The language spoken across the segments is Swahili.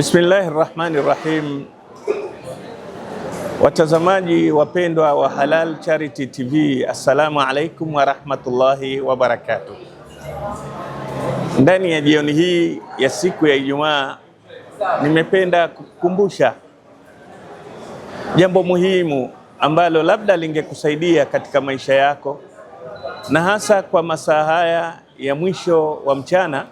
Bismillahi rahmani rahim. Watazamaji wapendwa wa Halal Charity TV, assalamu alaikum warahmatullahi wabarakatuh. Ndani ya jioni hii ya siku ya Ijumaa, nimependa kukumbusha jambo muhimu ambalo labda lingekusaidia katika maisha yako, na hasa kwa masaa haya ya mwisho wa mchana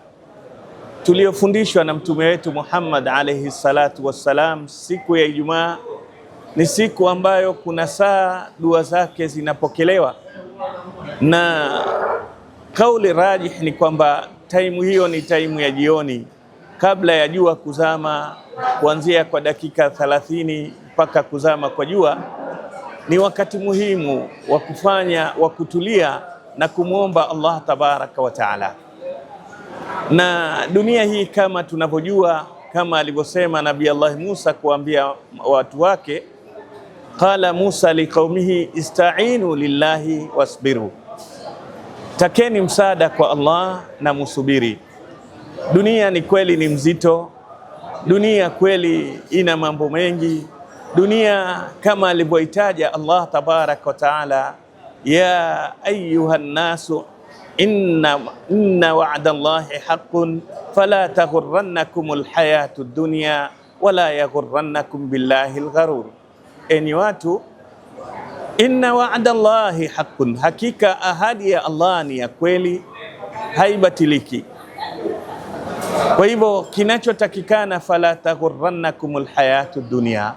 tuliyofundishwa na mtume wetu Muhammad alaihi salatu wassalam. Siku ya Ijumaa ni siku ambayo kuna saa dua zake zinapokelewa, na kauli rajih ni kwamba taimu hiyo ni taimu ya jioni kabla ya jua kuzama, kuanzia kwa dakika 30 mpaka kuzama kwa jua. Ni wakati muhimu wa kufanya wa kutulia na kumwomba Allah tabaraka wa taala. Na dunia hii kama tunavyojua, kama alivyosema Nabii Allah Musa kuambia watu wake, qala Musa liqaumihi istainu lillahi wasbiru, takeni msaada kwa Allah na musubiri. Dunia ni kweli ni mzito, dunia kweli ina mambo mengi. Dunia kama alivyoitaja Allah tabaraka wa taala, ya ayuha nnasu inna, inna wa'da Allahi haqqun fala taghurrannakumul hayatud dunya wala yaghurrannakum billahil gharur, enyi watu, inna wa'da Allahi haqqun, hakika ahadi ya Allah ni ya kweli, haibatiliki. Kwa hivyo kinachotakikana, fala taghurrannakumul hayatud dunya,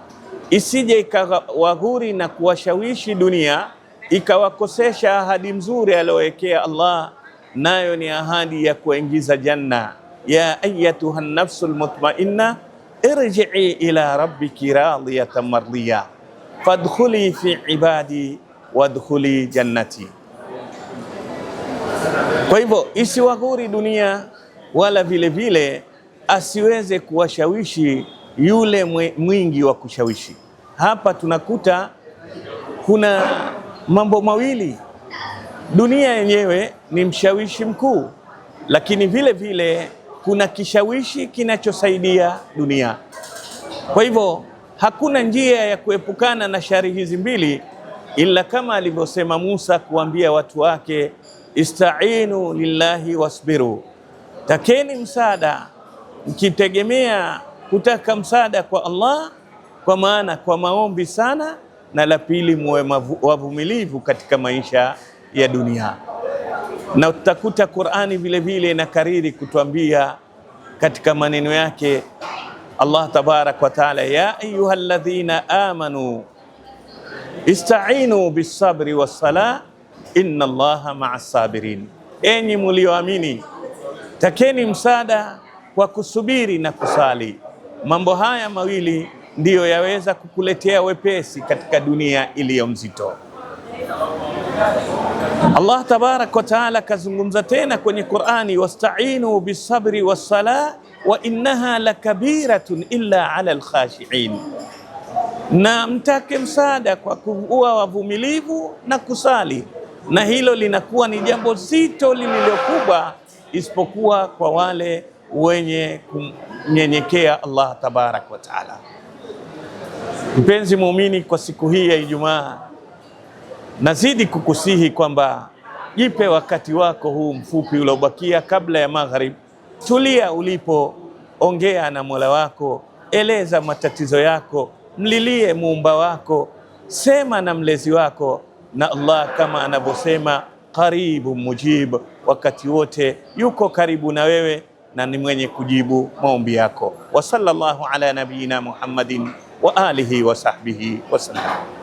isije ikawaghuri na kuwashawishi dunia ikawakosesha ahadi mzuri aliyowekea Allah, nayo ni ahadi ya kuingiza janna. Ya ayatuha nafsu lmutmainna irji'i ila rabbiki radiyatan mardiya fadkhuli fi ibadi wadkhuli jannati. Kwa hivyo isiwaghuri dunia, wala vile vile asiweze kuwashawishi yule mwingi wa kushawishi. Hapa tunakuta kuna mambo mawili. Dunia yenyewe ni mshawishi mkuu, lakini vile vile kuna kishawishi kinachosaidia dunia. Kwa hivyo hakuna njia ya kuepukana na shari hizi mbili, ila kama alivyosema Musa kuambia watu wake, istainu lillahi wasbiru, takeni msaada mkitegemea kutaka msaada kwa Allah, kwa maana kwa maombi sana na la pili, muwe wavumilivu katika maisha ya dunia. Na utakuta Qur'ani vile vile inakariri kutuambia katika maneno yake Allah tabarak wa taala, ya ayuha alladhina amanu istainu bisabri wassala inna allaha maa sabirin, enyi mulioamini takeni msaada kwa kusubiri na kusali. Mambo haya mawili ndiyo yaweza kukuletea wepesi katika dunia iliyo mzito. Allah tabaraka wa taala kazungumza tena kwenye Qur'ani, wasta'inu bisabri wassala wa innaha lakabiratun illa ala alkhashiin, na mtake msaada kwa kuwa wavumilivu na kusali, na hilo linakuwa ni jambo zito lililokubwa, isipokuwa kwa wale wenye kunyenyekea Allah tabaraka wa taala. Mpenzi muumini, kwa siku hii ya Ijumaa nazidi kukusihi kwamba jipe wakati wako huu mfupi uliobakia kabla ya magharibi. Tulia ulipo, ongea na Mola wako, eleza matatizo yako, mlilie muumba wako, sema na mlezi wako, na Allah kama anavyosema karibu mujib, wakati wote yuko karibu na wewe na ni mwenye kujibu maombi yako. Wa sallallahu ala nabiyina Muhammadin وآله وصحبه وسلم